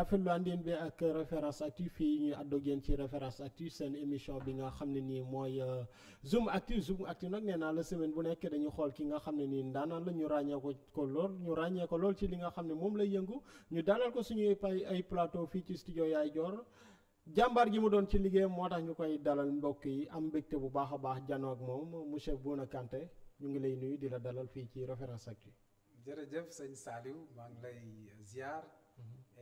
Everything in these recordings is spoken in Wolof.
rafetlu àndeen bi ak référence actu fii ñuy àddoog yéen ci référence actu seen émission bi nga xam ne nii mooy euh, zoom actu zoom actu nag ne naa la semaine bu nekkee dañu xool ki nga xam ne nii ndaanaan la ñu ràññee ko ko lool ñu ràññee ko lool ci li nga xam ne moom lay yëngu ñu dalal ko suñuy pay ay plateau fii ci studio yaay joor jàmbaar gi mu doon ci liggéey moo tax ñu koy dalal mbokk yi am mbégte bu baax a baax janoo ak moom monsieur Bouna Kanté ñu ngi lay nuyu di la dalal fii ci référence actu jërëjëf sëñ Saliou maa ngi lay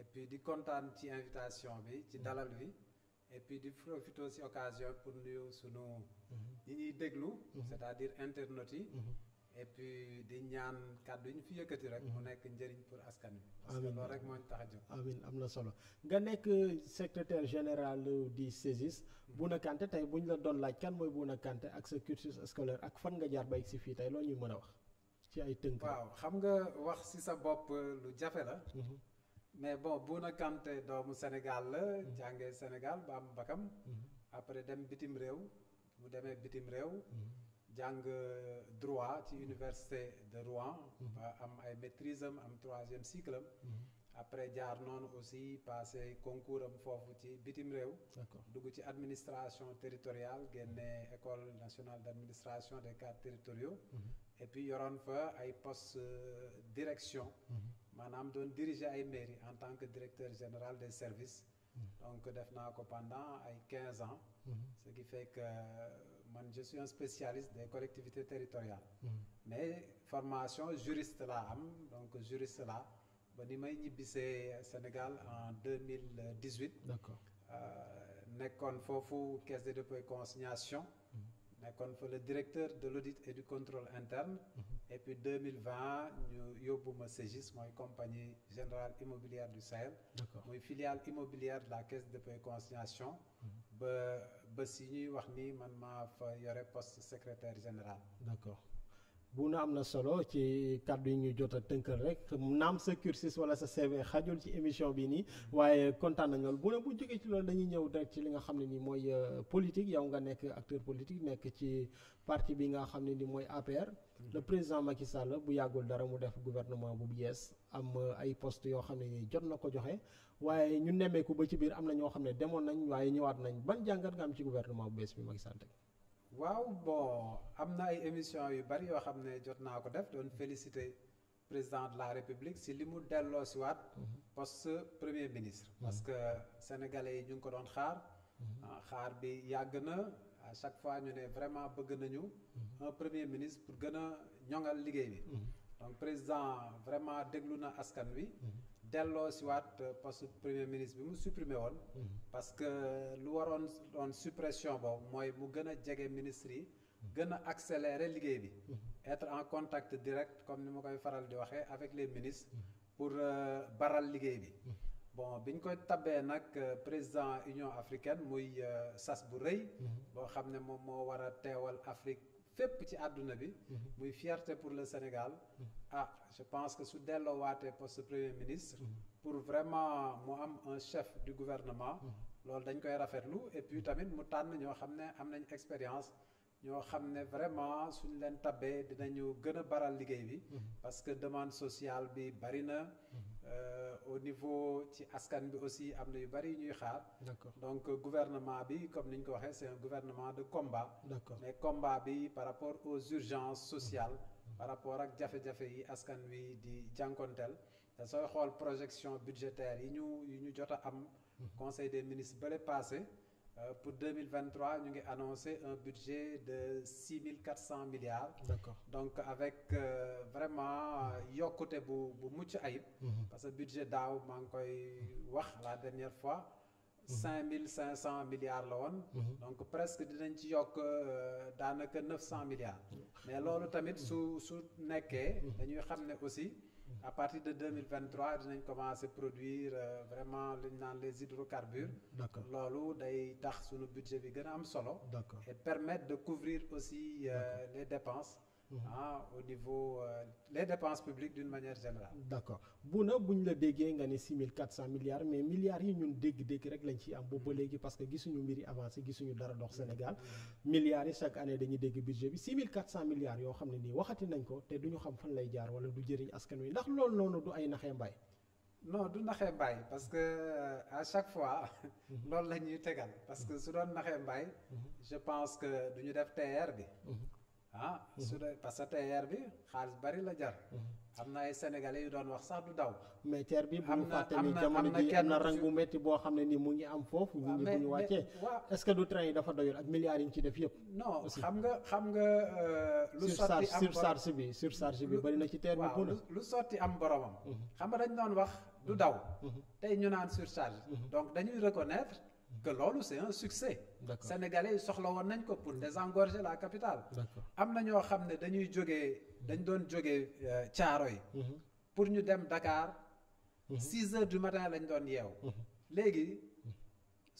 et puis di kontaan ci invitation bi ci mm-hmm. dalal bi et puis di profité si occasion pour nuyu sunu. Mm-hmm. ñi déglu. Mm-hmm. c'est-à-dire internautes yi. et di ñaan kàddu yi ñu fi yëkkati rek. mu nekk njëriñ pour askan wi. parce rek moo tax a jóg. amiin am na solo nga nekk secretaire général di CESIS. Bouna Kanté tey bu ñu la doon laaj kan mooy Bouna Kanté ak sa cursus scolaire ak fan nga jaar ba si fii tey loo ñuy mën a wax ci ay tënk. waaw xam nga wax si sa bopp lu jafe la. mais bon bu Bouna Kanté doomu Sénégal la. Mm-hmm. jànge Sénégal ba am bakam. Mm-hmm. après dem bitim réew. mu demee bitim réew. Mm-hmm. jàng euh, droit ci université de Rouen. ba am ay maîtrise am am troisième cycle am. après jaar noonu aussi passé concours am foofu ci bitim réew. dugg ci administration territoriale génne école nationale d' administration des cadres territoriaux. et puis yoroon fa ay poste euh, direction. maanaam doon diriger ay mairie en tant que directeur général des services mm-hmm. donc def naa ko pendant ay quinze ans mm-hmm. ce qui fait que euh, man je suis spécialiste des collectivités territoriales mm-hmm. mais formation juriste laa am donc juriste laa ba ni may ñibbisee Sénégal en deux mille dix huit d'accord euh, nekkoon foofu caisse de dépôt et consignation nekkoon fa le directeur de l'audit et du contrôle interne et puis 2020 ñu yóbbu ma CGIS mooy compagnie générale immobilière du Sahel. muy filiale immobilière de la caisse de paie consignation. Mhm. ba ba si ñuy wax ni man ma fa yore poste secretaire général. d'accord bu na am na solo ci kàddu yi ñu jot a tënkal rek naam sa cursus wala sa CV xajul ci émission bi nii mm-hmm. waaye kontaan nañ loolu bu ne bu jógee ci loolu dañuy ñëw direct ci li nga xam ne nii mooy euh, politique yow nga nekk acteur politique nekk ci parti bi nga xam ne nii mooy APR. le président Macky Sall bu yàggul dara mu def gouvernement bu yees am ay poste yoo xam ne nii jot na ko joxe waaye ñu nemmeeku ba ci biir am na ñoo xam ne demoon nañ waaye ñëwaat nañ ban jàngat nga am ci gouvernement bu bees bi Macky Sall waaw bon am na ay émission yu bari yoo xam ne jot naa ko def doon féliciter président de la république si li mu delloo si waat mhm. poste premier ministre mhm. parce que sénégalais yi ñu ngi ko doon xaar mhm. ah, xaar bi yàgg na à chaque fois ñu ne vraiment bëgg nañu mhm. un premier ministre pour gën a ñoŋal liggéey bi mhm. donc président vraiment déglu na askan wi mhm. delloo si waat poste premier ministre bi mu supprimé woon parce que lu waroon doon suppression boobu mooy mu gën a jege ministre yi gën a accélérer liggéey bi être en contact direct comme ni ma koy faral di waxee avec les ministres pour euh, baral liggéey bi bon bi ñu koy tabee nag euh, président Union africaine muy euh, sas bu rëy. Mm-hmm. boo xam ne moom moo war a teewal Afrique fépp ci àdduna bi. Mm-hmm. muy fierté pour le Sénégal. Mm-hmm. ah je pense que su delloo waatee poste premier ministre. pour vraiment mu am un chef du gouvernement. loolu dañ koy rafetlu et puis tamit mu tànn ñoo xam ne am nañ expérience. ñoo xam ne vraiment suñ leen tabee dinañu gën a baral liggéey bi. parce que demande sociale bi bari Euh, au niveau ci askan bi aussi am na yu bari ñuy xaar. donc euh, gouvernement bi comme ni ñu ko waxee c'est gouvernement de combat. mais combat bi par rapport aux urgences sociales. Mm-hmm. Mm-hmm. par rapport ak jafe-jafe yi askan wi di jànkonteel te sooy xool projection budgétaire yi ñu yi ñu jot a am. Mm-hmm. conseil des ministres bële passé. Euh, pour 2023 ñu ngi annoncé un budget de 6400 milliards. d'accord donc avec euh, vraiment euh, yokkute bu bu mucc ayib. Mhm. parce que budget daaw maa ngi koy wax la dernière fois. 5500 mhm. milliards la woon. Mhm. donc presque dinañ ci yokk euh, daanaka 900 milliards. mais loolu tamit su su nekkee. dañuy xam ne aussi. à partir de 2023 dinañ commencer produire euh, vraiment li ñu naan les hydrocarbures. d'accord loolu day tax sunu budget bi gën a am solo. d'accord et de couvrir aussi euh, les dépenses. Mhm. ah au niveau euh, les dépenses publique d'une manière générale. d'accord bu na buñ la déggee nga ne six mille quatre cent milliards mais milliards yi ñun dégg-dégg rek lañ ciy am boobu ba mhm. léegi parce que gisuñu mbir yi avancé gisuñu dara dox mhm. Sénégal milliards yi chaque année dañuy dégg budget bi six mille quatre cent milliards yoo xam ne nii waxati nañ ko te ñu xam fan lay jaar wala du jëriñ askan wi ndax lool loolu noonu du ay naxee mbay. non du naxee mbaay parce que euh, à chaque fois loolu la ñuy tegal parce que su doon mbaay je pense que duñu def TR bi ah mhm. su dee parce que TER bi xaalis bari la jar. Mhm. am na ay sénégalais yu doon wax sax du daw. mais TER bi bu ñu fàtte ni jamono ji am na rang bu métti boo xam ne ni mu ngi am foofu. ñu ngi bu ñu wàccee est-ce que du train yi dafa doyul ak milliards yi ñu ci def yëpp. non xam nga xam nga. Euh, lu sotti am surcharge bi bi bari na ci TER bi. waaw lu sotti am boromam. Mhm. xam nga dañ doon wax du daw. tey ñu naan surcharge. donc dañuy reconnaître. que loolu c' est un succès. sénégalais yi soxla woon nañ ko pour désengorger la capitale. am na ñoo xam ne dañuy jógee dañ doon jógee euh, caaro yi. Mhm. pour ñu dem dakaar 6 mhm. heures du matin lañ doon yeew. Mhm. léegi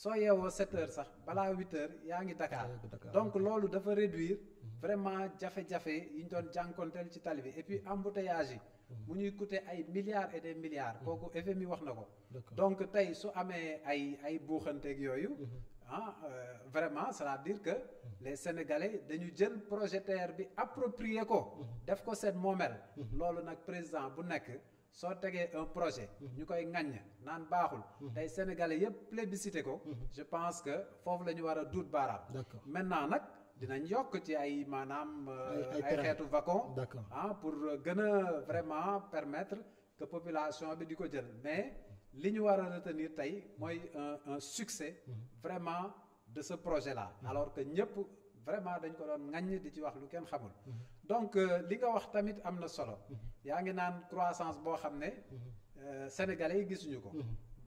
soo yeewoo 7 sax balaa 8 heures yaa ngi Dakar donc loolu dafa réduire vraiment jafe-jafe yi ñu doon jànkonteel ci tali bi et puis embouteillage yi. mu ñuy coûter ay milliards et des milliards mm-hmm. kooku FMI wax na ko donc tey su amee ay ay buuxanteeg yooyu mm-hmm. ah euh, vraiment c'est-à-dire que mm-hmm. les sénégalais dañu jël projet TER bi approprié ko def ko seet moomeel loolu nag président bu nekk soo tegee un projet ñu koy ŋàññ naan baaxul tey sénégalais yëpp plébiscité ko je pense que foofu la ñu war a duut baaraam maintenant nag dinañ yokk ci ay maanaam. ay euh, xeetu vacon. d'accord ah pour gën a vraiment permettre que population bi di ko jël mais li ñu war a retenir tey mooy un un succès. Mm-hmm. vraiment de ce projet la mm-hmm. alors que ñëpp vraiment dañ ko doon ŋaññi di ci wax lu kenn xamul. Mm-hmm. donc euh, li nga wax tamit am na solo. yaa ngi naan croissance boo xam ne. Euh, Sénégalais yi gisuñu ko.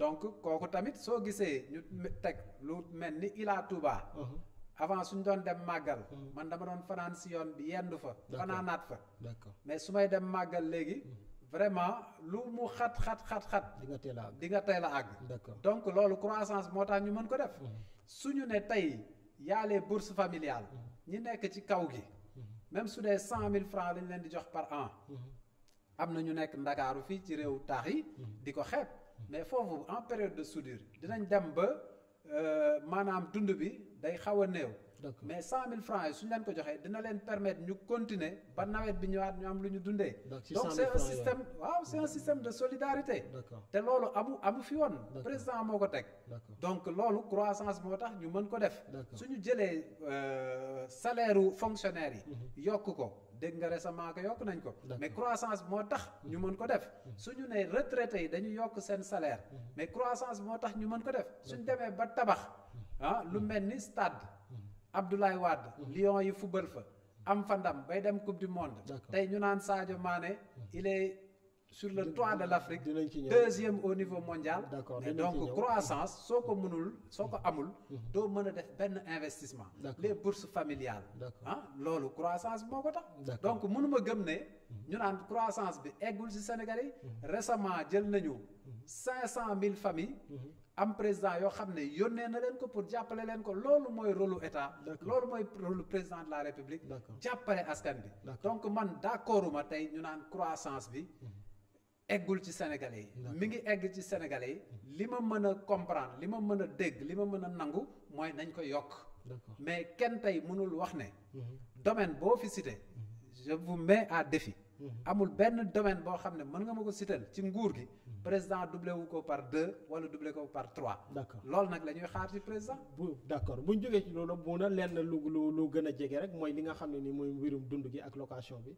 donc kooku tamit soo gisee ñu teg lu mel ni Ila Touba. avant suñ doon dem màggal. Hmm. man dama doon fanaan si yoon bi yendu fa. fanaanaat fa. mais su may dem màggal léegi. Hmm. vraiment lu mu xat xat xat xat. di nga teel a àgg di nga teel donc loolu croissance moo tax ñu mën ko def. Hmm. suñu ne tey y a les bourses familiales. ñi nekk ci kaw gi. même su dee cent mille francs lañ leen di jox par an. am na ñu nekk ndakaaru fii ci réew taax yi. di ko xeeb mais foofu en période de soudure dinañ dem ba. Euh, maanaam dund bi day xaw a néew mais cent mille francs yi suñ leen ko joxee dina leen permettre ñu continuer ba nawet bi ñëwaat ñu am lu ñu dundee donc c'est un système waaw c'est un système de solidarité te loolu amu amu fi woon président moo ko teg donc loolu croissance moo tax ñu mën ko def suñu jëlee euh, salaire u fonctionnaire yi mhm. yokk ko dégg nga récemment que yokk nañ ko mais croissance moo tax ñu mhm. mën ko def mhm. suñu ne retraités yi dañu yokk seen salaire mais croissance moo tax ñu mën ko def suñ demee ba tabax ah lu hmm. mel ni stade hmm. Abdoulaye Wade hmm. Lions yi fubal fa am fa ndam bay dem coupe du monde tey ñu naan Sadio Mané il sur le toit de l'Afrique deuxième au niveau mondial mais donc croissance soo ko mënul soo ko amul doo mën a def benn investissement les bourses familiales ah loolu croissance bi moo ko tax donc mënuma gëm ne ñu naan croissance bi eggul ci Sénégal yi récemment jël nañu cinq cent mille famille am président yoo xam ne yónnee na leen ko pour jàppale leen ko loolu mooy rôle lu état. loolu mooy rôle lu président de la république. jàppale askan bi. donc man d' ma tey ñu naan croissance bi. Mhm. eggul ci sénégalais yi. mi ngi egg ci sénégalais yi. Mhm. li ma mën a comprendre li ma mën a dégg li ma mën a nangu mooy nañ ko yokk. mais kenn tey mënul wax ne. Mhm. domaine boo fi cité. je vous mais à défi. Mhm. amul benn domaine boo xam ne mën nga ma ko sital ci nguur gi mhm. président doublé wu ko par deux wala doublé ko par trois d'accord loolu nag la ñuy xaar ci président bu d'accord buñ jógee ci loolu mu na lenn lu lu lu gën a jege rek mooy li nga xam ne ni mooy mbirum dund gi ak location bi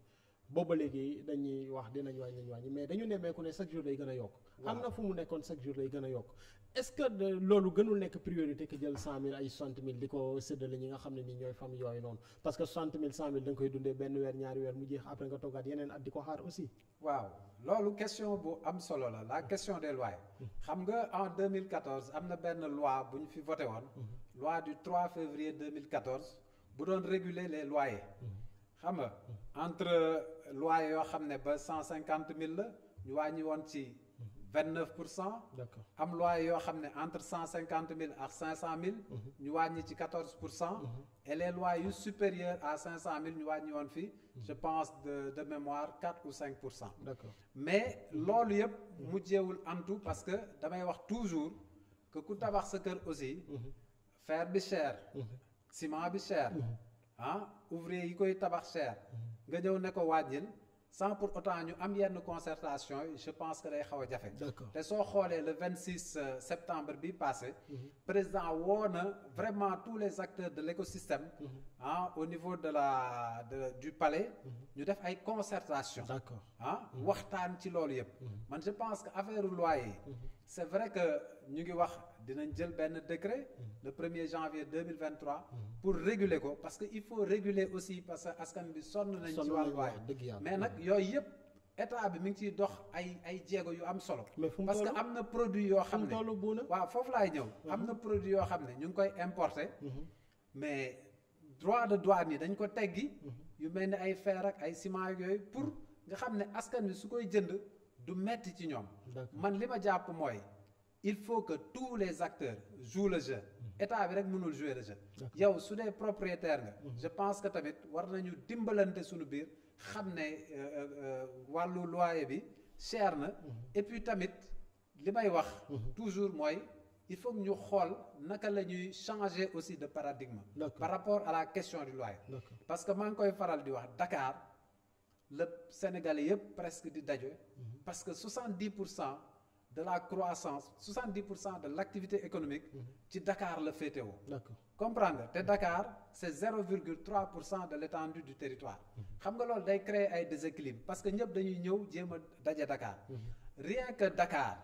booba léegi dañuy wax dinañ wàññi nañ wàññi mais dañu nemmeeku ne chaque jour day gën a yokk am na fu mu nekkoon chaque jour day gën a yokk est-ce que loolu gënul nekk priorité ki jël cent mille ay soixante mille di ko séddale ñi nga xam ne nii ñooy famille yooyu noonu parce que soixante mille cent mille da koy dundee benn weer ñaari weer mu jeex après nga toggaat yeneen at di ko xaar aussi waaw loolu question bu am solo la la question des lois xam nga en 2014 am na benn loi bu ñu fi voté woon mm-hmm. loi du 3 février 2014 bu doon réguler les loyers mm-hmm. xam nga entre loyer yoo xam ne ba cent cinquante mille la ñu wàññi woon ci vingt neuf pour cent. d'accord am loyer yoo xam ne entre cent cinquante mille ak cinq cent mille. Mhm. ñu wàññi ci quatorze pour cent. Mhm. et les yu supérieurs à cinq cent mille ñu wàññi woon fii. Mhm. je pense de de mémoire quatre ou cinq pour cent. d'accord mais loolu yëpp mujjeewul antu parce que damay wax toujours que ku tabax sa kër aussi. fer bi cher. ciment bi cher. ah ouvrier yi koy tabax cher mm-hmm. nga ñëw ne ko wàññil sans pour autant ñu am yenn concertation yi je pense que day xaw a jafe te soo xoolee le 26 euh, septembre bi passé mm-hmm. président woo na vraiment tous les acteurs de l'écosystème mm-hmm. ah au niveau de la de, du palais ñu def ay concertation ah waxtaan ci loolu yëpp man je pense que affaire loi yi c'est vrai que ñu ngi wax dinañ jël benn décret mm-hmm. le premier janvier 2023 mm-hmm. pour réguler ko parce que il faut réguler aussi parce que askan bi sonn nañ ci wàllu waay mais nag mm-hmm. yooyu yëpp état bi mi ngi ciy dox ay ay jéego yu am solo parce que am na produit yoo xam ne waaw foofu laay ñëw am na produit yoo xam ne ñu ngi koy importer mais droit de douane yi dañ ko teggi yu mel ni ay fer ak ay ciment yooyu pour nga xam ne askan bi su koy jënd du metti ci ñoom man li ma jàpp mooy il faut que tous les acteurs jouent le jeu mhm. état bi rek mënul jouer le jeu yow su dee propriétaire nga mhm. je pense que tamit war nañu dimbalante suñu biir xam ne euh, euh, euh, wàllu loyer bi cher na mhm. et puis tamit li may wax toujours mooy il faut ñu xool naka la ñuy changer aussi de paradigme par rapport à la question du loyer parce que maa koy faral di wax dakaar le Sénégalais yëpp presque di daje parce que de la croissance 70 pour cent de l' activité économique. Mhm. ci Dakar la féetewoo. d' accord comprendre te Dakar c' est 0,3 pour cent de l' étendue du territoire. Mhm. xam nga loolu day créer ay déséquilibre parce que ñëpp dañuy ñëw jéem a daje Dakar. Mhm. rien que Dakar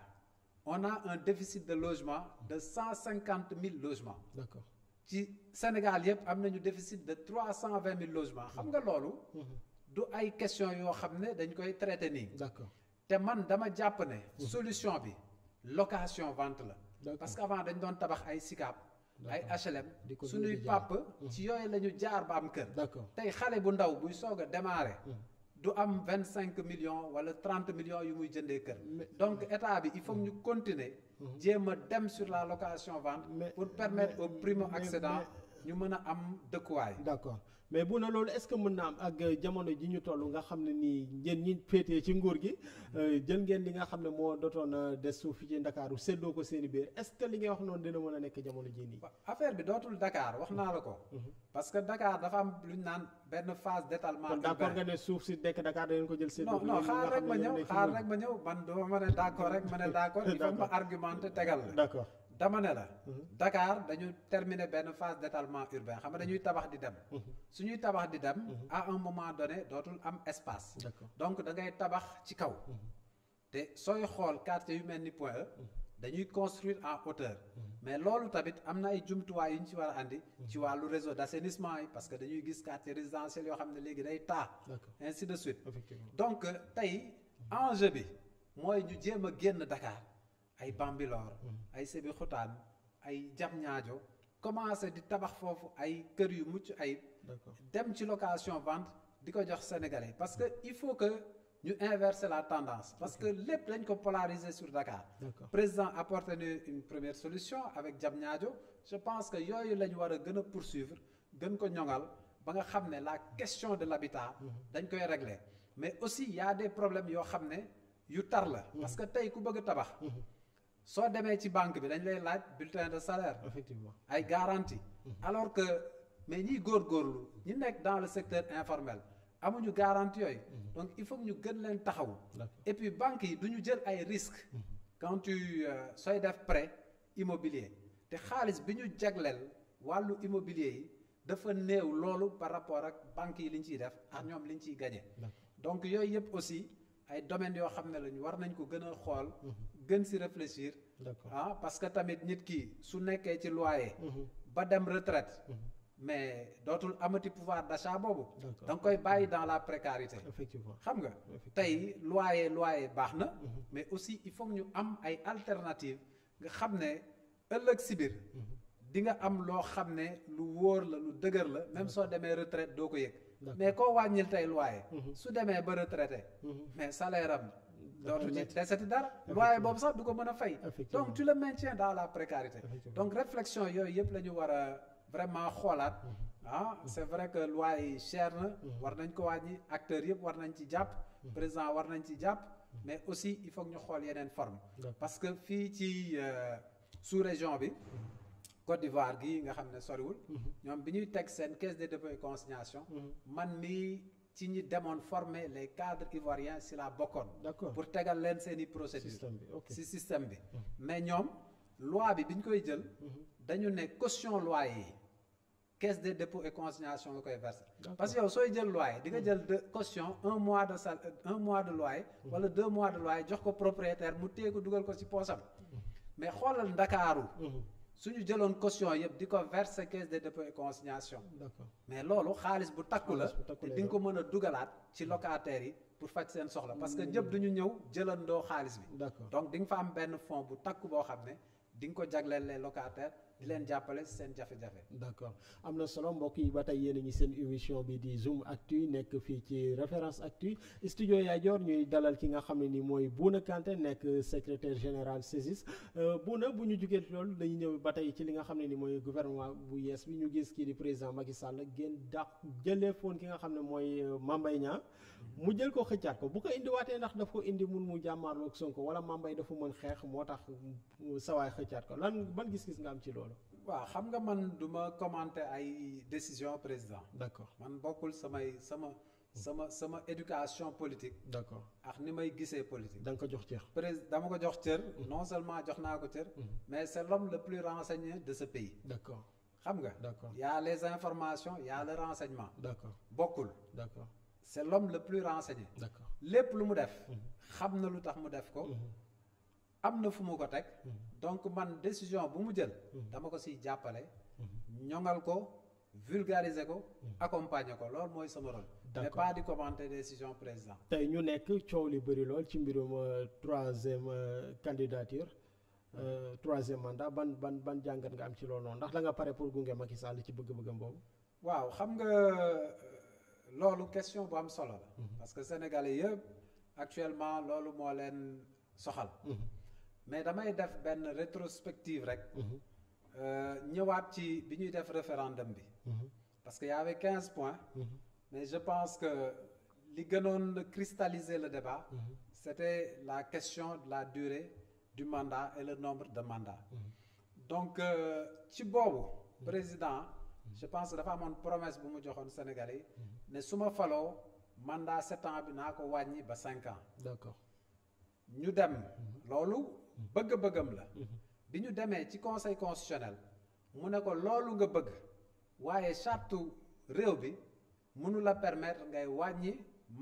on a un déficit de logement de 150 000 logements. d' accord ci Sénégal yëpp am nañu déficit de 320 000 logements. xam nga loolu. du ay question yoo xam ne dañ koy traité nii. d' te man dama jàpp ne. Mhm. solution bi location vente la. parce que avant dañ doon tabax ay SICAP. ay HLM. di ko suñuy pàpp mhm. ci yooyu la ñu jaar ba am kër. tey xale bu ndaw buy soog a démarrer. Mhm. du am vingt cinq millions wala trente millions yu muy jëndee kër. donc état bi il faut ñu continuer. jéem a dem sur la location vente. pour permettre aux primo accédants ñu mën a am dëkkuwaay. d'accord mais bu na loolu est-ce que mën na am ak jamono ji ñu toll nga xam ne nii ngeen ñi féetee ci nguur gi euh, jël ngeen li nga xam ne moo dootoon des suuf fii ci Ndakaaru séddoo ko seen i biir li ngay wax noonu dina mën a nekk jamono jii nii. affaire bi dootul Dakar wax naa la ko. Mhm. parce que Dakar dafa am lu ñu naan benn phase d'étalement. urbain kon d'accord nga ne suuf si dekk Dakar da ngeen ko jël séddoo. non non xaar rek ma ñëw xaar rek ma ñëw man dama ne la. Mhm. dakaar dañu terminer benn phase d'étalement urbain xam nga dañuy tabax di dem. Mhm. suñuy tabax di dem. Mhm. à un moment donné dootul am espace. donc da ngay tabax ci kaw. te sooy xool quartier yu mel ni Point E. dañuy construire en hauteur. mais loolu tamit am na ay jumtuwaay yu ñu ci war a andi. ci wàllu réseau d'assainissement yi parce que dañuy gis quartier résidentiel yoo xam ne léegi day taa. ainsi de suite. donc tey enjeu bi mooy ñu jéem a génn Dakar. ay Bambilor mm-hmm. ay Sébi Xutaan ay Diamniadio commencé di tabax foofu ay kër yu mucc ay dem ci location vente di ko jox sénégalais parce que il faut que ñu inverser la tendance parce que lépp dañ ko polariser sur Dakar président apporté na une première solution avec ñaajo je pense que yooyu la ñu war a gën a poursuivre gën ko ñoŋal ba nga xam ne la question de l'habitat mm-hmm. dañ koy régler mais aussi il y a des problèmes yoo xam ne yu tar la mm-hmm. parce que tey ku bëgg tabax soo demee ci banque bi dañ lay laaj bulletin de salaire. effectivement ay garantie. Mm-hmm. alors que mais ñiy góorgóorlu ñi nekk dans le secteur informel amuñu garanti yooyu. Mm-hmm. donc il faut ñu gën leen taxaw. et puis banques yi du ñu jël ay risques. Mm-hmm. quand tu euh, sooy def prêt immobilier te xaalis bi ñu jagleel wàllu immobilier yi dafa néew loolu par rapport ak banques yi li ñu ciy def ak ñoom li ñu ciy gagné. donc yooyu yëpp aussi ay domaines yoo xam ne lañu war nañ ko gën a xool. gën si réfléchir. ah parce que tamit nit ki su nekkee ci loyer. Mhm. ba dem retraite. Mhm. mais dootul amati pouvoir d'achat boobu. da koy bàyyi dans la précarité. effectivement xam nga tey loyer loyer baax na. Mhm. mais aussi il faut ñu am ay alternatives nga xam ne ëllëg si biir. am loo xam ne lu wóor la lu dëgër la même soo demee retraite doo ko yëg. mais koo wàññil tey loyer. su demee ba retraité. mais salaire am dootu ci deseti dara waaye boobu sax du ko mën a fay donc tu le maintiens dans la précarité donc réflexion yooyu yëpp lañu ñu war a vraiment xoolaat mm-hmm. ah c'est vrai que loi yi cher na mm-hmm. war nañ ko wàññi acteur yëpp war nañ ci jàpp mm-hmm. président war nañ ci jàpp mais aussi il faut ñu xool yeneen forme parce que fii ci euh, sous-région bi Côte d'Ivoire gi nga xam ne soriwul ñoom bi ñuy teg seen caisse de dépôt et consignation man mii ci ñi demoon former les cadres ivoiriens si la bokkoon. d'accord pour tegal leen seen i procédure. système bi ok si système bi. Mhm. mais ñoom loi bi bi ñu koy jël. Mhm. dañu ne caution loi yi caisse de dépôts et consignation nga koy verser. parce que yow sooy jël loi yi di nga mhm. jël de caution un mois de sal un mois de loi yi. wala deux mois de loi jox ko propriétaire mu téye ko dugal ko si poosam. mais xoolal Ndakaaru. suñu jëloon caution yëpp di ko verser caisse de dépôt et consignation. mais loolu xaalis bu takku la te di nga ko mën a dugalaat ci locataires yi pour faj seen soxla parce que ñëpp duñu ñëw jëlandoo xaalis bi. d'accord donc di nga fa am benn fonds bu takk boo xam ne di nga ko jagleel les locataires. di leen jàppale seen jafe-jafe. d'accord am na solo mbokk yi ba tey yéen a ngi seen émission bi di Zoom Actu nekk fii ci référence actu studio Yaye Dior ñuy dalal ki nga xam ne nii mooy Bouna Kanté nekk secrétaire général CESIS euh, Bouna bu ñu jugee loolu dañu ñëw ba tey ci li nga xam ne nii mooy gouvernement bu yees bi ñu gis kii di président Macky Sall génn dàq jëlee foon ki nga xam ne mooy euh, Mame Mbaye Niang mm-hmm. mu jël ko xëccaat ko bu ko indiwaatee ndax daf ko indi mun mu jàmmaarloog Sonko wala Mame Mbaye dafa mën xeex moo tax euh, sawaay xëccaat ko lan ban gis-gis nga am ci loolu waaw xam nga man du ma commenter ay décision président. d'accord man bokkul samay sama. sama sama éducation politique. d'accord ak ni may gisee politique. da nga ko jox cër. président dama ko jox cër. Mhm. non seulement jox naa ko cër. Mhm. mais c'est l'homme le plus renseigné de ce pays. d'accord xam nga. d'accord y a les informations y a le renseignement. d'accord bokkul. d'accord c'est l'homme le plus renseigné. d'accord lépp lu mu def. Mhm. xam na lu tax mu def ko. am na fu mu ko teg mm-hmm. donc man décision bu mu jël mm-hmm. dama ko siy jàppale mm-hmm. ñoŋal ko vulgariser ko accompagner ko loolu mooy sama rôle mais pas di commenter décision président tey ñu nekk coow li bëri lool ci mbirum euh, troisième euh, candidature euh, troisième mandat ban ban ban jàngat nga am ci loolu ndax da nga pare pour gunge Macky Sall ci bëgg-bëggam boobu waaw xam nga loolu question bu am solo la parce que sénégalais yëpp actuellement loolu moo leen soxal mais damay def benn rétrospective rek. Mhm. Euh, ñëwaat ci bi ñuy def référendum bi. Mhm. parce que y quinze points. Mhm. mais je pense que li gënoon cristalliser le débat. c'était la question de la durée du mandat et le nombre de mandats. donc euh, ci boobu. président je pense que dafa amoon promesse bu mu joxoon Sénégalais yi ne su ma faloo mandat sept ans bi naa ko wàññi ba cinq ans. d'accord ñu dem loolu. bëgg-bëggam la mhm. bi ñu demee ci conseil constitutionnel mu ne ko loolu nga bëgg waaye charte réew bi mënula la permettre ngay wàññi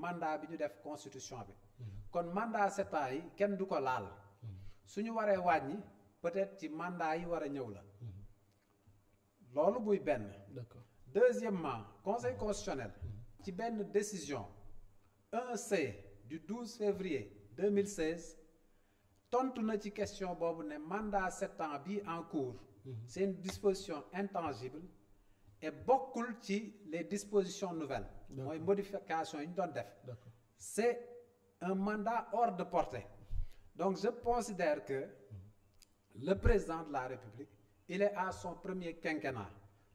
mandat bi ñu def constitution bi mhm. kon mandat sept yi kenn du ko laal mhm. su ñu waree wàññi peut-être ci mandat yi war a ñëw la loolu buy benn deuxièmement conseil constitutionnel ci benn décision 1C du 12 février 2016 tontu na ci question boobu ne mandat sept bi en cours mhm. c'est une disposition intangible et bokkul ci les dispositions nouvelles mooy modification yi ñu doon def c'est un mandat hors de portée donc je considère que mhm. le président de la République il est à son premier quinquennat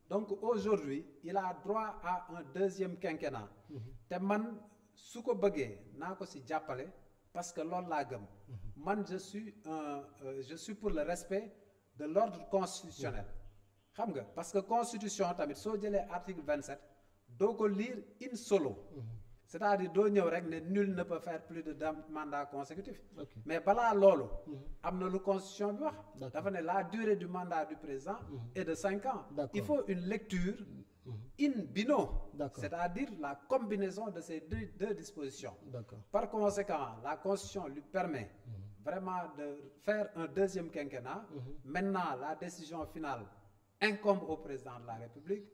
donc aujourd'hui il a droit à un deuxième quinquennat mhm. te man su ko bëggee naa ko si jàppale parce que loolu laa gëm mhm. man je suis un euh, je suis pour le respect de l'ordre constitutionnel mhm. xam nga parce que constitution tamit soo jëlee article vingt sept doo ko lire in solo mhm. c'est-à-dire doo ñëw rek ne nul ne peut faire plus de deux mandats consécutifs okay. mais balaa loolu mhm. am na lu constitution bi wax dafa ne la durée du mandat du président mmh. est de cinq ans il faut une lecture mhm. in bino c'est-à-dire la combinaison de ces deux, deux dispositions par conséquent la constitution lui permet mhm. vraiment de faire un deuxième quinquennat mmh. maintenant la décision finale incombe au président de la République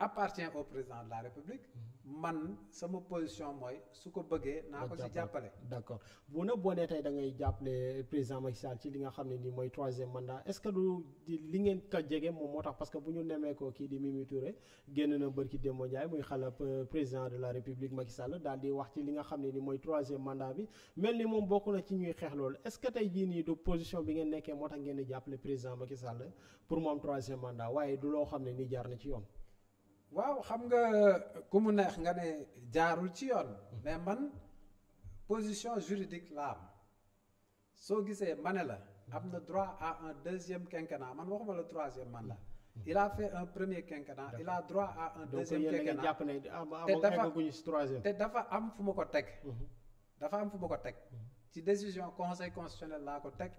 appartient au président de la République man sama position mooy su ko bëggee naa ko si jàppale d'accord bu na boo nee tey da ngay jàppale président Macky Sall li nga xam ne nii mooy troisième mandat est li ngeen ko jege moom moo tax parce que bu ñu nemee ko kii di Mimi Touré na bërki Demba Ndiaye muy xala euh, président de la République di wax ci li nga xam ne ni mooy troisième mandat bokk na ci ñuy xeex loolu est-ce jii nii du position bi ngeen nekkee moo tax ngeen di jàppale président Macky Sall pour moom troisième mandat waaye du loo xam ne ni jaar na ci yoon waaw xam nga ku mu neex nga ne jaarul ci yoon mm-hmm. mais man position juridique laa am soo gisee ma ne la am na droit à un deuxième quinquennat man waxuma la troisième man la mm-hmm. il a fait un premier quinquennat il a droit à un deuxième quinquennat ah, ah, te dafa am fu ma ko teg mm-hmm. dafa am fu ma ko teg ci décision conseil constitutionnel laa ko teg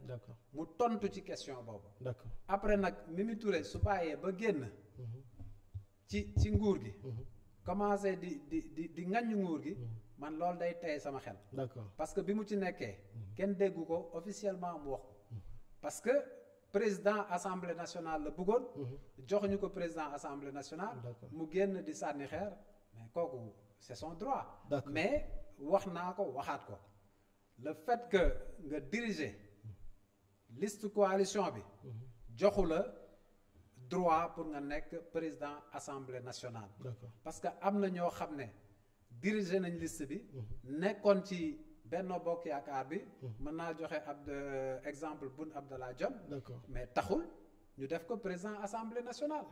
mu tontu ci question boobu après nag Mimi Touré su bàyyee ba génn ci ci nguur gi. Mhm. commencé di di di di ŋaññu nguur gi. Mhm. man loolu day tey sama xel. d'accord parce que bi mu ci nekkee. Mhm. kenn déggu ko officiellement mu wax ko. parce que président assemblée nationale la bëggoon. jox ñu ko président assemblée nationale. mu génn di sànni xeer mais kooku saison son droit. mais wax naa ko waxaat ko. le fait que nga diriger liste coalition bi. joxu la droit pour nga nekk président assemblée nationale. parce que am na ñoo xam ne diriger nañ list bi. Mhm. nekkoon ci Benno Bokk Yaakaar bi. Mhm. mën naa joxe ab euh, exemple Boun Abdallah Dionne. mais taxul ñu def ko président assemblée nationale.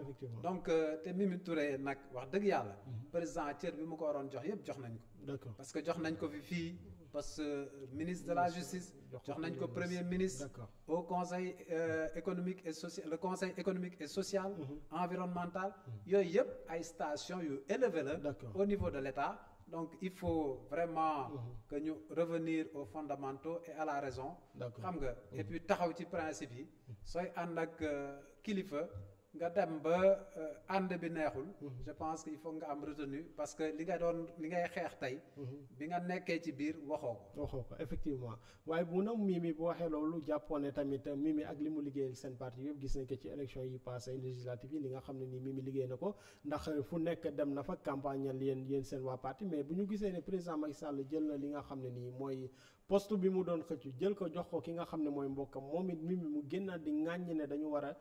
donc euh, te mi Mimi Touré nag wax dëgg yàlla. Mhm. président cër bi mu ko waroon jox yëpp jox nañ ko. d'accord parce que jox nañ ko fi fii parce que euh, ministre de la justice jox nañ ko premier ministre au conseil euh, économique et social le conseil économique et social mhm. environnemental mhm. yooyu yëpp ay station yu élevé la au niveau de l'État donc il faut vraiment mhm. que ñu revenir aux fondamentaux et à la raison xam nga et puis taxaw ci principe yi sooy ànd ak euh, kilifa nga dem ba euh, ànd bi neexul. Mhm. je pense que il faut nga am retenu parce que li nga doon li ngay xeex tey. Mhm. bi nga nekkee ci biir waxoo ko. waxoo ko effectivement waaye bu nam Mimi bu waxee loolu ne tamit Mimi li mu liggéey seen parti gis nañ ko ci élection yi yi li nga xam ne nii Mimi liggéey na ko ndax fu nekk dem na fa campagne li yéen seen waa parti mais bu ñu gisee ne président Macky Sall jël na li nga xam ne nii mooy poste bi mu doon xëccu jël ko jox ko ki nga xam ne mooy mbokkam moom it Mimi mu génnaat di ŋàññi ne dañu war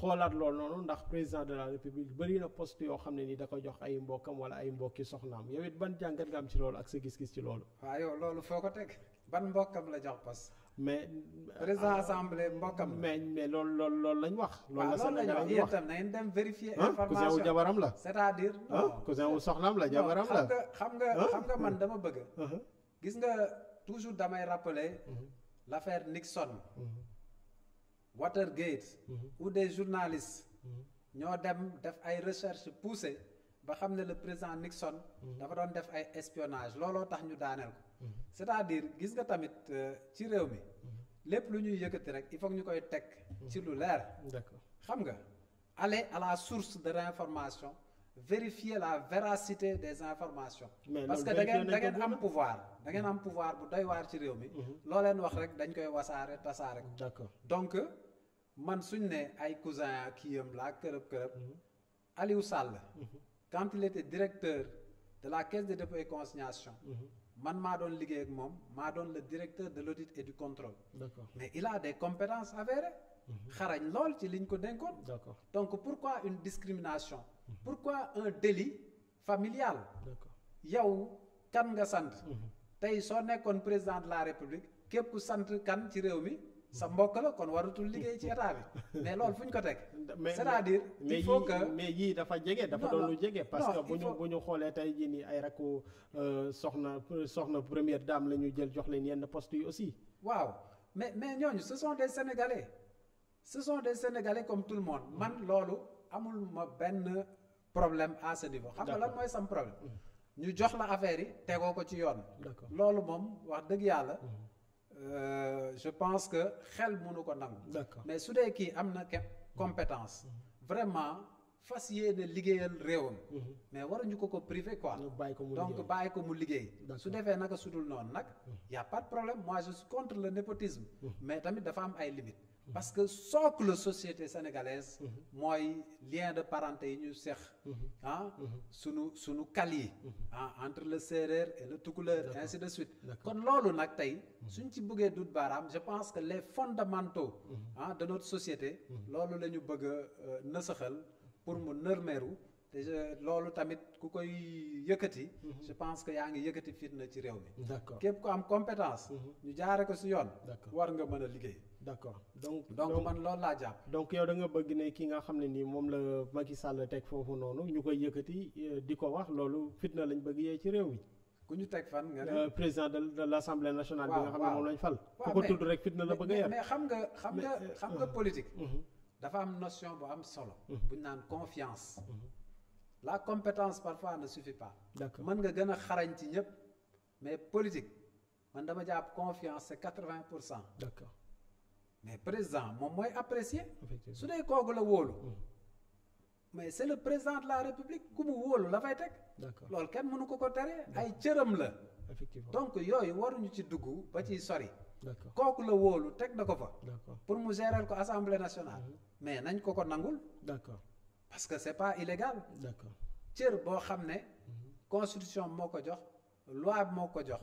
xoolaat lool noonu ndax président de la république bëri na poste yoo xam ne ni da ko jox ay mbokkam wala ay mbokki soxnaam yow it ban jàngat nga am ci loolu ak sa gis-gis ci loolu. waaw loolu foo ko teg ban mbokkam la jox poste. mais président ah, assemblée mbokkam. mais mais loolu loolu loolu lañ wax. loolu la seen wax yéen tam na ngeen dem vérifier. information cousin wu jabaram la. c'est-à-dire non cousin wu soxnaam la jabaram la. xam nga xam nga man dama bëgg. gis nga toujours damay rappeler. l'affaire Nixon. Watergate mhm. ou des journalistes mhm. ñoo dem def ay recherche poussée ba xam ne le président Nixon mhm. dafa doon def ay espionnage looloo tax ñu daaneel ko c'est-à-dire gis nga tamit euh, ci réew mi lépp lu ñuy yëkkati rek il faut ñu koy teg ci lu leer xam nga aller à la source de l'information vérifier la véracité des informations parce que da ngeen am pouvoir da ngeen am pouvoir bu doy waar ci réew mi loo leen wax rek dañ koy wasaare tasaare ko man suñ ne ay cousin kii yam laa kërëb kërëb mhm. Aliou Sall la mhm. il était directeur de la caisse de dépôt consignation mhm. man maa doon liggéey ak moom maa doon le directeur de l'audit et du contrôle d'accord mais il a des compétences avérées xarañ lool ci liñ ko dénkoon d'accord donc pourquoi une discrimination pourquoi un délit familial yow kan nga sant tey soo nekkoon président de la république képp ku sant kan ci réew mi sa mbokk la kon waratul liggéey ci état bi mais loolu fu ñu ko teg. c'est-à-dire mais yii dafa jege dafa doon lu jege. parce que bu ñu bu ñu xoolee tey jii nii ay rakku euh, soxna soxna première dame la ñu jël jox leen yenn poste yi aussi. waaw mais mais ñooñu ce sont des sénégalais ce sont des sénégalais comme tout le monde mm. man loolu amul ma benn problème à ce niveau. xam nga lan mooy sam problème. Mm. ñu jox la affaire yi tegoo ko ci yoon. loolu moom wax dëgg yàlla. Mm. Euh, je pense que xel mu nu ko nangu. d'accord mais su dee kii am na compétence. Mhm. vraiment fas yéene liggéeyal réewam. Mhm. mais waruñu ko ko privé quoi. donc bàyyi ko mu liggéey. su defee naka dul noonu nag. Mhm. y' a pas problème moi je suis contre le népotisme. mais tamit dafa am ay limites. parce que socle société sénégalaise mhm. mooy lien de parenté yi ñu seq mhm. Ah, mhm. sunu sunu kal yi ah, entre le séréer et le tukuleur ainsi de suite kon loolu nag tey suñ ci bëggee dut baaraam je pense que les fondamentaux ah de notre société loolu la ñu bëgg a euh, nësaxal pour mu nërmeeru te je loolu tamit ku koy yëkkati je pense que yaa ngi yëkkati fitna ci réew mi d'accord képp ku am compétence ñu jaare ko si yoon war nga mën a liggéey d' accord donc donc man loolu laa jàpp. donc yow da nga bëgg ne ki nga xam ne nii moom la Macky Sall teg foofu noonu ñu koy yëkkati euh, di ko wax loolu fitna lañ bëgg yee ci réew mi. ku ñu teg fan nga ne. Euh, président de de l' assemblée nationale. bi nga xam ne moom lañ fal. ku ko tudd rek fitna la bëgg a yar. mais xam nga xam nga euh, xam mhm. dafa am notion bu am solo. Mhm. bu ñu naan confiance. Mhm. la compétence parfois ne suffit pas. d' accord mën a xarañ ci ñëpp mais politique man dama jàpp confiance c' quatre vingt pour cent. mais président moom mooy apprécier su dee kooku la wóolu hmm. mais c'est le président de la république ku mu wóolu la fay teg loolu kenn mënu ko ko tere ay cëram la donc yooyu waruñu ci dugg ba ciy sori kooku la wóolu teg na ko fa pour mu gérer ko assemblée nationale hmm. mais nañ ko ko nangul d'accord parce que c'est pas illégal d'accord cër boo xam ne hmm. constitution moo ko jox loi moo ko jox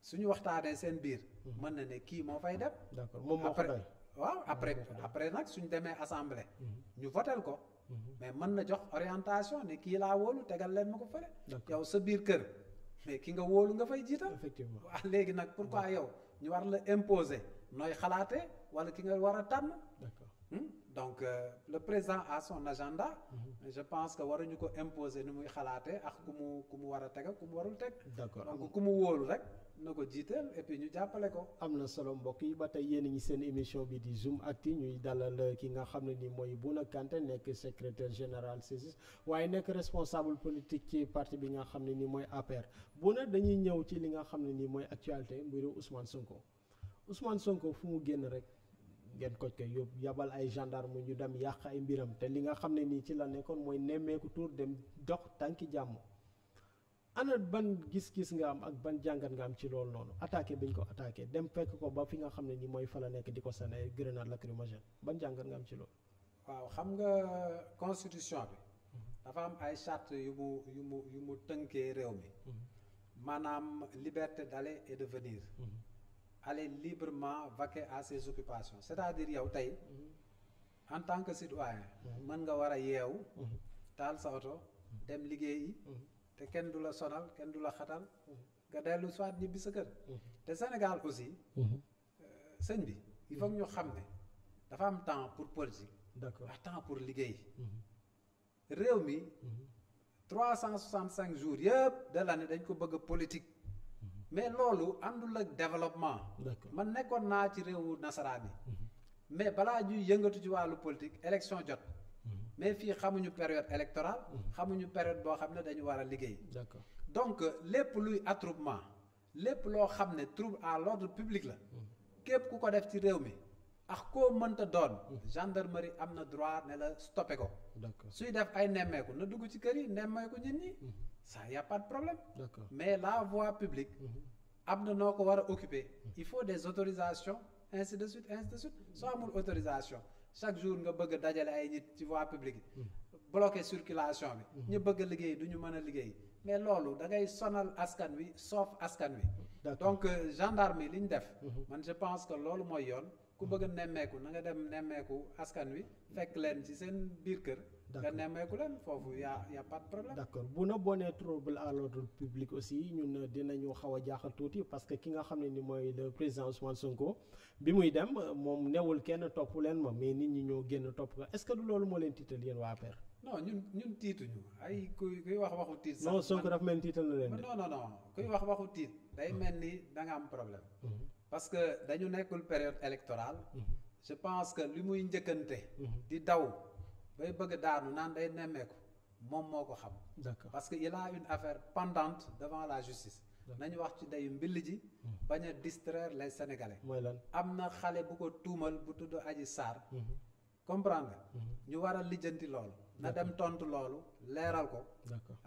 suñu waxtaanee seen biir Mhm. mën na ne kii moo fay dem. d'accord moom moo ko doy waaw après après nag suñ demee assemblée. Mhm. ñu votel ko. Mhm. mais mën na jox orientation ne kii laa wóolu tegal leen ma ko fële. yow sa biir kër mais ki nga wóolu nga fay jiital. effectivement waaw léegi nag pour pourquoi yow ñu war la imposer nooy xalaatee wala ki nga war a tànn. d'accord. Hmm? donc euh, le président a son agenda. je pense que waruñu ko imposer ni muy xalaate ak ku mu ku mu war a teg ku mu warul teg. d'accord donc ku mu wóolu rek na ko jiiteel et ñu jàppale ko. am na solo mbokk yi ba tey yéen a ngi seen émission bi di Zoom Actu ñuy dalal ki nga xam ne nii mooy Bouna Kanté nekk secretaire général CESIS waaye nekk responsable politique ci partie bi nga xam ne nii mooy APR Bouna dañuy ñëw ci li nga xam ne nii mooy actualité mbiru Ousmane Sonko Ousmane Sonko fu mu génn rek. ngeen koj ko yóbbu yabal ay gendarme ñu dem yàq ay mbiram te li nga xam ne nii ci la nekkoon mooy nemmeeku tuur dem dox tànki jàmm ana ban gis-gis nga am ak ban jàngat nga am ci lool noonu attaqué biñ ko attaqué dem fekk ko ba fi nga xam ne nii mooy fa la nekk di ko sànni ay grenade lacrymogène ban jàngat nga am ci loolu. waaw xam nga constitution bi. Mhm. dafa am ay charte yu mu yu mu yu mu tënkee réew mi. Mhm. maanaam liberté d'aller et de venir. Mhm. aller librement vaquer à ses occupations cest a dire yow tey en tant que citoyen mën nga war a yeewu taal sa oto dem liggéeyi te kenn du la sonal kenn du la xatal nga dellu soit ñibbi sa kër te Sénégal aussi euh, sëñ bi il faut ñu xam ne dafa am temps pour politique d'accord temps pour liggéey réew mi trois cent soixante cinq jours yëpp de l'année dañ ko bëgg politique mais loolu àndul ak développement. man nekkoon naa ci réewu nasaraan yi. Mhm. mais balaa ñuy yëngatu ci wàllu politique élection jot. Mhm. mais fii xamuñu période électorale. Mhm. xamuñu période boo xam ne dañu war a liggéey. donc lépp luy attroupement lépp loo xam ne trouble à l'ordre public la. képp ku ko def ci réew mi. ak koo mënta doon. gendarmerie am na droit ne la stoppé ko. suy def ay nemmeeku na dugg ci kër yi nemmeeku nit ñi. ça y a pas de problème. mais la voie publique. Mhm. am na noo ko war a occuper. il faut des autorisations ainsi de suite ainsi de suite soo amul autorisation chaque jour nga bëgg a dajale ay nit ci voie publique yi. Mhm. bloquer circulation bi. Mhm. ñu bëgg a liggéey du ñu mën a liggéey mais loolu da ngay sonal askan wi soof askan wi. donc euh, gendarme yi li ñu def. man je pense que loolu mooy yoon ku bëgg nemmeeku na nga dem nemmeeku askan wi fekk leen ci seen biir kër. nga nemmeeku leen foofu yaa y' a pas de problème. d' bu na bonee trouble à l' ordre public aussi ñun dinañu xaw a jaaxal tuuti parce que ki nga xam ne ni mooy le président Ousmane Sonko bi muy dem moom newul kenn topp leen ma mais nit ñi ñoo génn topp ko est ce du loolu moo leen tiital yéen waa APR. non ñun ñun tiituñu ay kuy kuy wax waxu tiit. sax non Sonko dafa mel ni tiital na leen de. non non non kuy wax waxu tiit. day mm-hmm. mel ni da am problème. Mm-hmm. parce que dañu nekkul période électorale. Mm-hmm. je pense que li muy njëkkante. di daw. bay bëgg daanu naan day nemmeeku moom moo ko xam. d'accord parce que il a une affaire pendante devant la justice. nañu wax ci ndeyu mbill ji. Hmm. bañ a distraire les sénégalais. mooy lan am na xale bu ko tuumal bu tudd Adji Sarr. Hmm. comprendre nga. Hmm. ñu war lijjanti loolu. na dem tontu loolu leeral ko.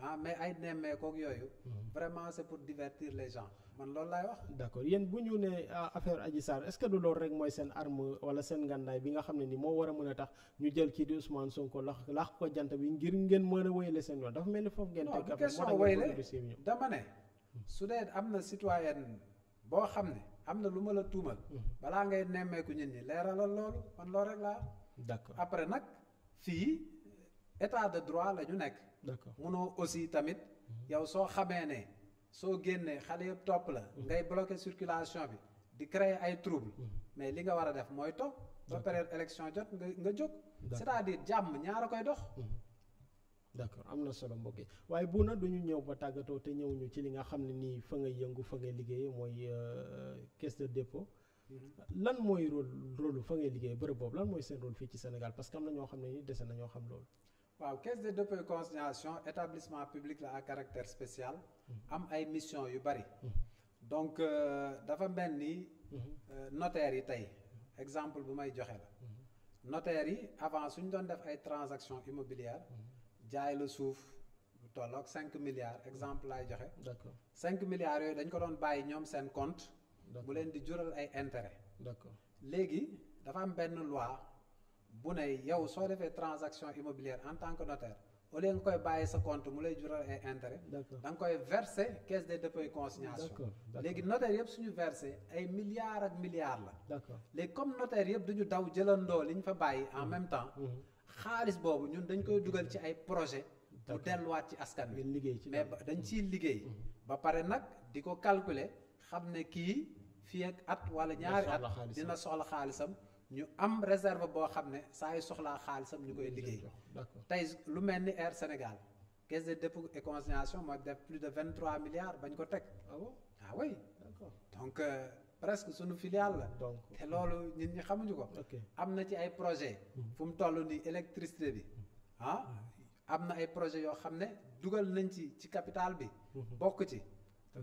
ah mais ay nemmeekook yooyu. Mhm. vraiment c'est pour divertir les gens man loolu laay wax. d'accord yéen bu ñu ne ah, affaire Adji Sarr est-ce que du loolu rek mooy seen arme wala seen ngàndaay bi nga xam ne ni moo war a mën a tax ñu jël kii di Ousmane ko lax lax ko jant bi ngir ngeen mën a wéyale seen yoon dafa mel ni foofu ngeen. teg question wéyale dama ne. Mhm. su dee am na citoyen boo xam ne am na lu ma la tuumal. Mhm. balaa ngay nemmeeku ñun ñi leeralal loolu man loolu rek laa. d'accord après fii. état de droit la ñu nekk. d'accord munoo aussi tamit yow soo xamee ne soo génnee xale yëpp topp la. Mm-hmm. ngay bloquer circulation bi di créer ay trouble mm-hmm. mais li nga war a def mooy toog. ba période élection jot nga nga jóg. c'est-à-dire jàmm ñaara koy dox. Mm-hmm. d'accord am na solo mbokk yi waaye bu na duñu ñëw ba tàggatoo te ñëwuñu ci li nga xam ne nii fa nga yëngu fa ngay liggéey mooy euh, caisse de dépôt. lan mooy rôle rôle fa ngay liggéey bërëb boobu lan mooy seen rôle fii ci Sénégal parce que am ñoo xam ne ni dese na ñoo loolu. waaw caisse de dépôt et consignation établissement public la à caractère spécial. Mhm. am ay mission yu bari. Mhm. donc euh, dafa mel ni. Mhm. Euh, notaire yi tey exemple bu may joxe la. notaire yi avant suñ doon def ay transactions immobilières. jaay la suuf lu tolloog cinq milliards exemple laay joxe. d'accord cinq milliards yooyu dañ ko doon bàyyi ñoom seen compte. bu leen di jural ay intérêt. d'accord léegi dafa am benn loi. bu ne yow soo defee transaction immobilière en tant que notaire au lieu nga koy bàyyi sa compte mu lay jural ay intérêt da nga koy verser caisse des dépôts et léegi notaire yëpp suñu verser ay milliards ak milliards la d'accord léegi comme notaire yëpp duñu daw jëlandoo li ñu fa bàyyi en mm-hmm. même temps mm-hmm. xaalis boobu ñun dañ koy dugal ci ay projet mu delluwaat ci askan wi liggéey ci mais dañ ciy mm-hmm. liggéey ba pare nag di ko calculer xam ne kii fi ak at wala ñaari at dina soxla xaalisam ñu am réserve boo xam ne saa yu soxlaa xaalisam ñu koy liggéey tey lu mel ni Air Sénégal caisse de dépôt et consignation mooy def plus de vingt trois milliards bañ ko teg ah, ah oui donc euh, presque suñu filiale la te loolu nit ñi xamuñu ko am na ci ay projet hmm. fu mu toll nii électricité bi hmm. ah am na ay projet yoo xam ne dugal nañ ci ci capital bi hmm. bokk ci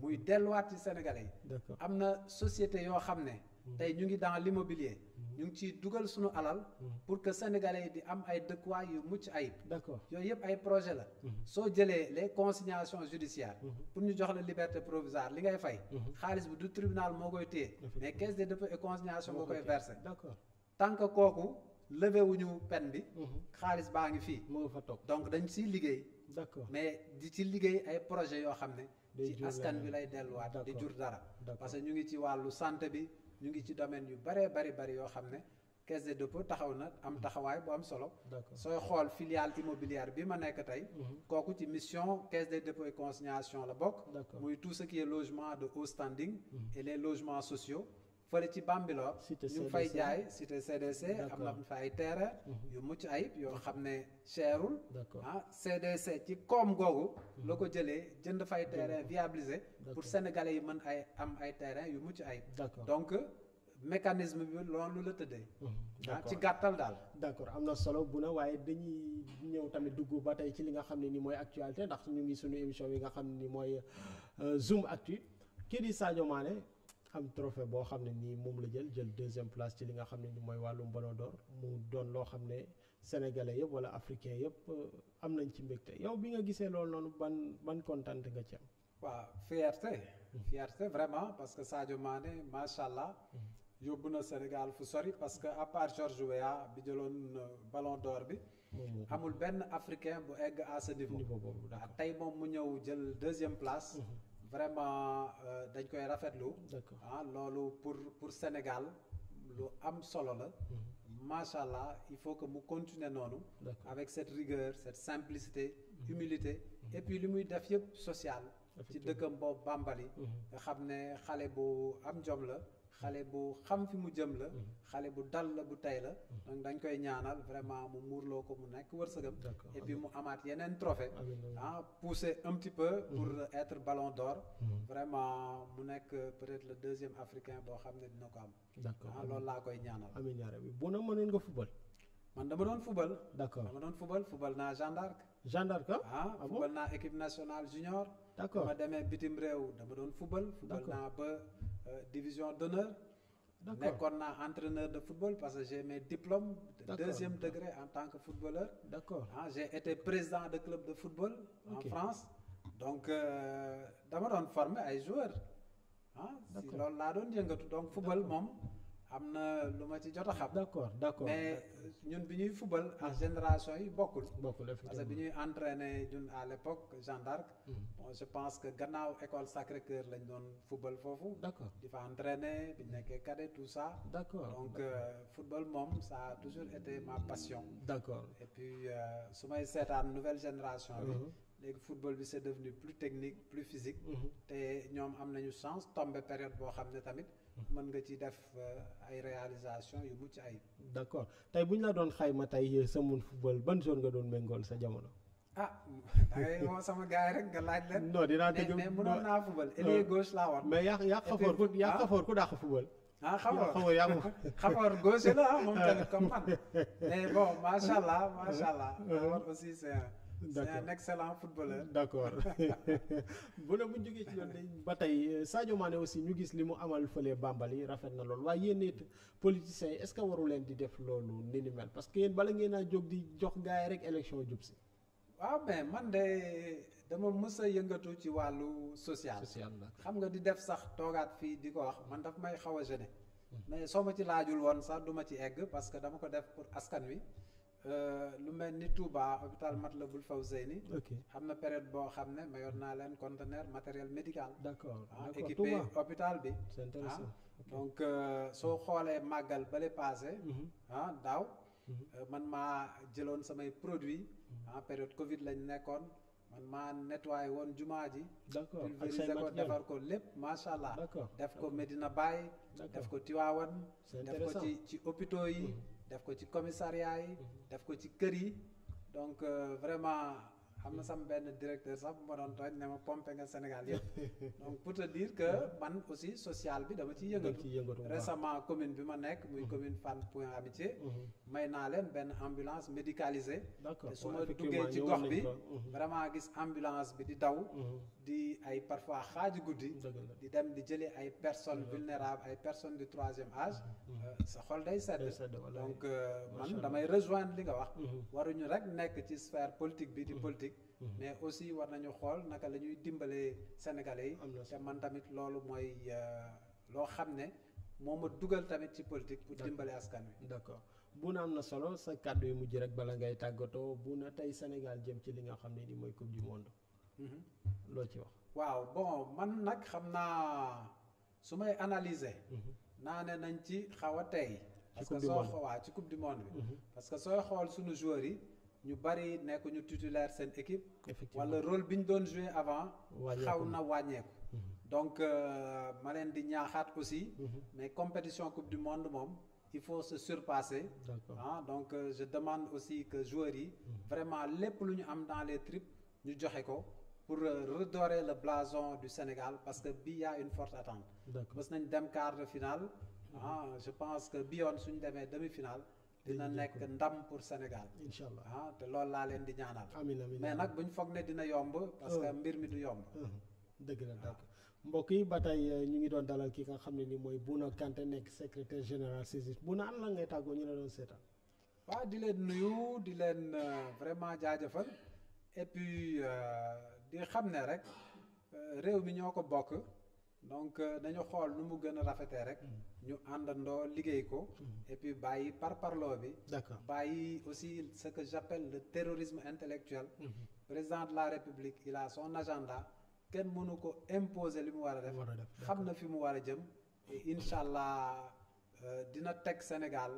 muy delluwaat ci Sénégalais yi am na société yoo xam ne tey ñu ngi dans l'immobilier ñu ngi ciy dugal suñu alal hmm. pour que sénégalais yi di am ay dëkkuwaay yu mucc ayib yooyu yëpp ay projet la hmm. soo jëlee les consignations judiciaires hmm. pour ñu jox la liberté provisoire li ngay fay xaalis bi du tribunal moo koy téye mais caisse des dépôts et consignation nga koy versé d'accord que kooku levé wuñu peine bi xaalis baa ngi fii moo fa toog donc dañ siy liggéey d'accord mais di ci liggéey ay projet yoo xam ne ci askan bi lay delluwaat di jur dara parce que ñu ngi ci wàllu santé bi ñu ngi ci domaine yu baree bari bari yoo xam ne caisse de dépôt taxaw na am taxawaay bu am solo sooy xool filiale immobilière bi ma nekk tey mhm. kooku ci mission caisse de dépôt et consignation la bokk muy tout logement de haut standing mhm. et les logements sociaux fële ci Bambilor ñu ngi fay jaay cité CDC am na fa ay terrain mhm. yu mucc ayib yoo xam ne cherul ah CDC ci koom googu mhm. loo ko jëlee jënd fay terrain viabilisé pour sénégalais yi mën ay am ay terrain yu mucc ayib donc mécanisme bi loolu la tëddee mhm. ah, ci gàttal daal d'accord am na solo bu na waaye dañuy ñëw tamit dugg ba tey ci li nga xam ne ni mooy actualité ndax ñu ngi suñu émission bi nga xam ne ni mooy euh, Zoom Actu kii di Sadio am trophée boo xam ne nii moom la jël jël deuxième place ci li nga xam ne ni mooy wàllum Ballon d'Or mu doon loo xam ne sénégalais yëpp wala africain yëpp euh, am nañ ci mbégte yow bi nga gisee lool noonu ban ban kontaan nga ci am. waaw fierté. fierté vraiment parce que Sadio Mané macha allah. yóbbu na Sénégal fu sori parce que à part George Weah bi jëloon euh, balon d'Or bi. amul benn africain bu egg à ce niveau. niveau boobu ah, tey moom mu ñëw jël deuxième place. vraiment euh, dañ koy rafetlu. ah loolu pour pour Sénégal lu am solo la. Mhm. macha allah il faut que mu continuer noonu. avec cette rigueur cette simplicité. Mhm. humilité mhm. et puis li muy def yëpp social. ci dëkkam boobu Bambali. nga xam ne xale bu am jom la. xale bu xam fi mu jëm la mm-hmm. xale bu dal la bu tey la mm-hmm. donc dañ koy ñaanal vraiment mu loo ko mu nekk wërsëgam et puis mu amaat yeneen trophée ah pousser un petit peu pour mm-hmm. être ballon d'or vraiment mu nekk peut-être le deuxième africain boo xam ne dina ko am d'accord ah, laa koy ñaanal amiin yaa rabbi bu na mënoon nga football man dama doon football d'accord dama doon football football naa Jeanne d'Arc Jeanne d'Arc ah, ah, ah football naa équipe nationale junior d'accord ma demee bitim réew dama doon football ba Euh, division d'honneur nekkoon naa entraîneur de football parce que j'ai mes diplômes de deuxième degré en tant que footballeur d'accord ah j'ai été président de club de football okay. en France donc euh, dama doon forme ay joueurs ah, si loolu laa doon yëngatu donc football moom am na lu ma ci jot a xam. d'accord d'accord mais ñun bi ñuy fubal en génération yi bokkul. bi ñuy entraîner ñun à l'époque Jeanne d'Arc. Mhm. je pense que gannaaw école sacré lañ doon fubal foofu. d'accord di fa entraîner bi ñu nekkee cadet tout ça. d'accord donc euh, football moom ça a toujours été ma passion. d'accord et puis euh, su may seetaan nouvelle génération bi. Mhm. léegi football bi c'est devenu plus technique plus physique. Mhm. te ñoom am nañu chance tomber période boo xam ne tamit. mën nga ci def euh, ay réalisation yu mucc ayib. d' accord tey bu ñu la doon xayma tey euh, sa mun football ban zone nga doon méngool sa jamono. ah da ngay sama gars yi rek nga laaj leen. non dinaa tëj mais naa football ailier gauche laa war. mais yaa yaa xafoor ku yaa ah. xafoor ku dàq football. ah xamoor xamoor gauche la moom tamit comme man mais bon macha allah macha allah. Uh-huh. aussi c' d'accord c'est un excellent footballeur. d'accord bu ne bu jógee ci yoon ba tey euh, Sadio Mané aussi ñu gis li mu amal fële Bambali rafet na loolu waaye yéen it politiciens yi est-ce que waru leen di def loolu ni ni mel parce que yéen bala ngeen a jóg di jox gars rek élection jub si. waaw mais man de dama mës a yëngatu ci wàllu social. social xam nga di def sax toogaat fii di ko wax man daf may xaw a gêner. Hmm. mais soo ma ci laajul woon sax du ma ci egg parce que dama ko def pour askan wi. Euh, lu mel ni Touba hôpital hmm. Matlaboul Fawzeyni. ok xam na période boo xam ne mayoon naa leen conteneur matériel médical. d' accord ah, hôpital bi. c' est intéressant ah, donc euh, soo xoolee màggal bale passé. Mhm. ah daaw. Mhm. Euh, man maa jëloon samay produits. Mhm. Ah, période Covid lañ nekkoon. man maa nettoyé woon jumaa ji. d' defar ko lépp macha allah. def ko Medina Baye. def ko Tiwaawan. def ko ci ci hôpitaux yi. def ko ci commissariat yi. Mhm. def ko ci kër yi donc euh, vraiment. am na sam benn directeur sax bu ma doon tooñ ne ma pompé nga Sénégal yëpp donc pour te dire que man aussi social bi dama ciy yëngatu récemment commune bi ma nekk muy mmh. commune Fann Point Amitié mmh. may naa leen benn ambulance médicalisée te su ma duggee ci gox bi mmh. vraiment gis ambulance bi di daw di ay parfois xaaj guddi di dem di jëlee ay personnes vulnérables ay personne du troisième age euh, sa xol day sedd donc euh, man damay rejoindre li nga wax waruñu rek nekk ci sphère politique bi di politique Mm-hmm. mais aussi war nañu xool naka la ñuy dimbalee sénégalais yi te man tamit loolu mooy euh, loo xam ne moo ma dugal tamit ci politique pour dimbale askan wi d'accord Bouna am na solo sa kàddu yu mujj rek bala ngay tàggatoo Bouna tey Sénégal jëm ci li nga xam ne ni mooy coupe du monde mm-hmm. loo ci wax waaw bon man nag xam naa su may analyser mm-hmm. naa ne nañ ci xaw a tey parce que soo waaw ci coupe du monde bi parce sooy xool suñu joueurs yi ñu bari nekk ñu titulaire seen équipe. wala rôle bi ñu doon joué avant. xaw na wàññeeku. Mhm. donc euh, ma leen di ñaaxaat aussi. Mhm. mais compétition coupe du monde moom. il faut se surpasser. ah donc euh, je demande aussi que joueurs yi. Mhm. vraiment lépp lu ñu am dans les tripes ñu joxe ko. pour euh, redorer le blason du Sénégal parce que bii y une forte attente. mës nañ dem quart de finale. ah je pense que bii yoon suñu demee demi-finale. dina nekk ndam pour Sénégal. incha allah ah te loolu laa leen di ñaanal. amiin amiin mais nag bu ñu foog ne dina yomb. parce que oh. mbir mi du yomb. Uh-huh. dëgg la d' accord mbokk yi ba tey euh, ñu ngi doon dalal ki nga xam ne ni mooy Bouna Kanté nekk secrétaire général CICIS Bouna an na ngay tàggoo ñu la doon seetaan. waaw di leen nuyu di leen euh, vraiment jaajëfal et puis euh, di xam ne rek réew mi ñoo ko bokk. donc euh, dañu xool nu mu gën a rafetee rek. Hmm. ñu àndandoo liggéey ko. Hmm. et bàyyi par parloo bi. d'accord bàyyi aussi ce que j'appelle le terrorisme intellectuel. Mm -hmm. président de la république il a son agenda kenn mënu ko imposer li mu war a def. xam na fi mu war a jëm. et incha allah euh, dina teg Sénégal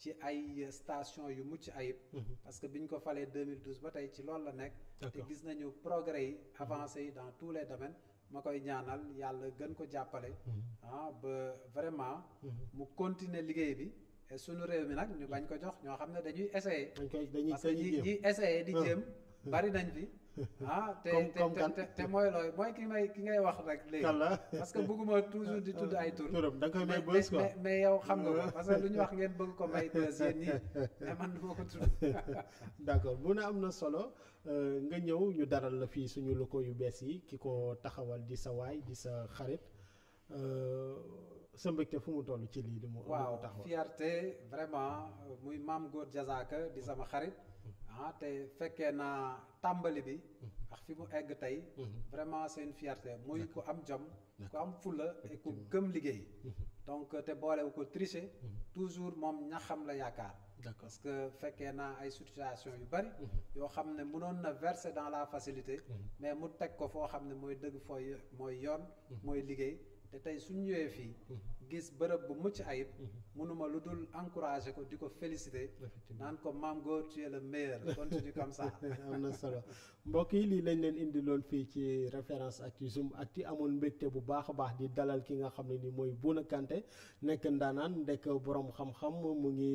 ci ay station yu mucc ayib. Hmm. parce que bi ñu ko falee 2012 ba tey ci loolu la nekk. te gis nañu progrès yi avancé yi dans tous les domaines. ma koy ñaanal yàlla gën ko jàppale. Mm-hmm. ah ba vraiment. Mm-hmm. mu continuer liggéey bi. sunu réew mi nag ñu bañ ko jox ñoo xam ne dañuy essayer. dañ koy dañuy parce que ñi essayer di ah. jéem. bari nañ fi. ah te te te mooy looy mooy ki may ki ngay wax rek léegi. parce que bëgguma toujours di tudd ay tur. turam da nga koy may mais yow xam nga ko lu ñu wax ngeen bëgg ko may bës yéen ñii mais man du ma ko tudd. d' bu ne am na solo euh, nga ñëw ñu daral la fii suñu locaux yu bees yi ki ko taxawal di sa waay di sa xarit euh, sa mbégte fu mu toll ci lii. di mu taxawal waaw fierté vraiment euh, muy maam góor Diazaka di sama xarit. ah te fekkee naa tàmbali bi. Mhm. ndax fi mu egg tey. Mhm. vraiment seen une fierté muy ku am jom. ku am fulla et ku gëm liggéey. Mhm. donc te boolewu ko tricher. toujours moom ñaxam la yaakaar. parce que fekkee naa ay situation yu bari. yoo xam ne mënoon na verser dans la facilité. mais mu teg ko foo xam ne mooy dëgg fooy mooy yoon. mooy liggéey te tey suñ ñëwee fii. gis bërëb bu mucc ayib mënuma mhm. lu dul encouragé ko di ko félicité naan ko maam góor tu es le meilleur am na solo mbokk yi lii lañ leen indi loon fii ci référence ak ci zoom ak ci amoon mbégte bu baax a baax di dalal ki nga xam ne nii mooy Bouna Kanté nekk ndaanaan ndekk borom xam-xam mu ngi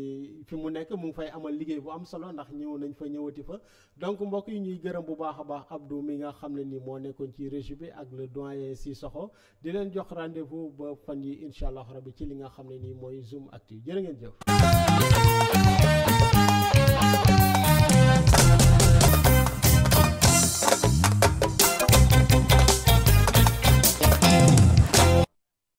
fi mu nekk mu ngi fay amal liggéey bu am solo ndax ñëw nañ fa ñëwati fa donc mbokk yi ñuy gërëm bu baax a baax Abdou mi nga xam ne nii moo nekkoon ci régie bi ak le doyen Sissoko di allahu rabbi ci li nga xam ne nii mooy Zoom Actu jërë ngeen jëf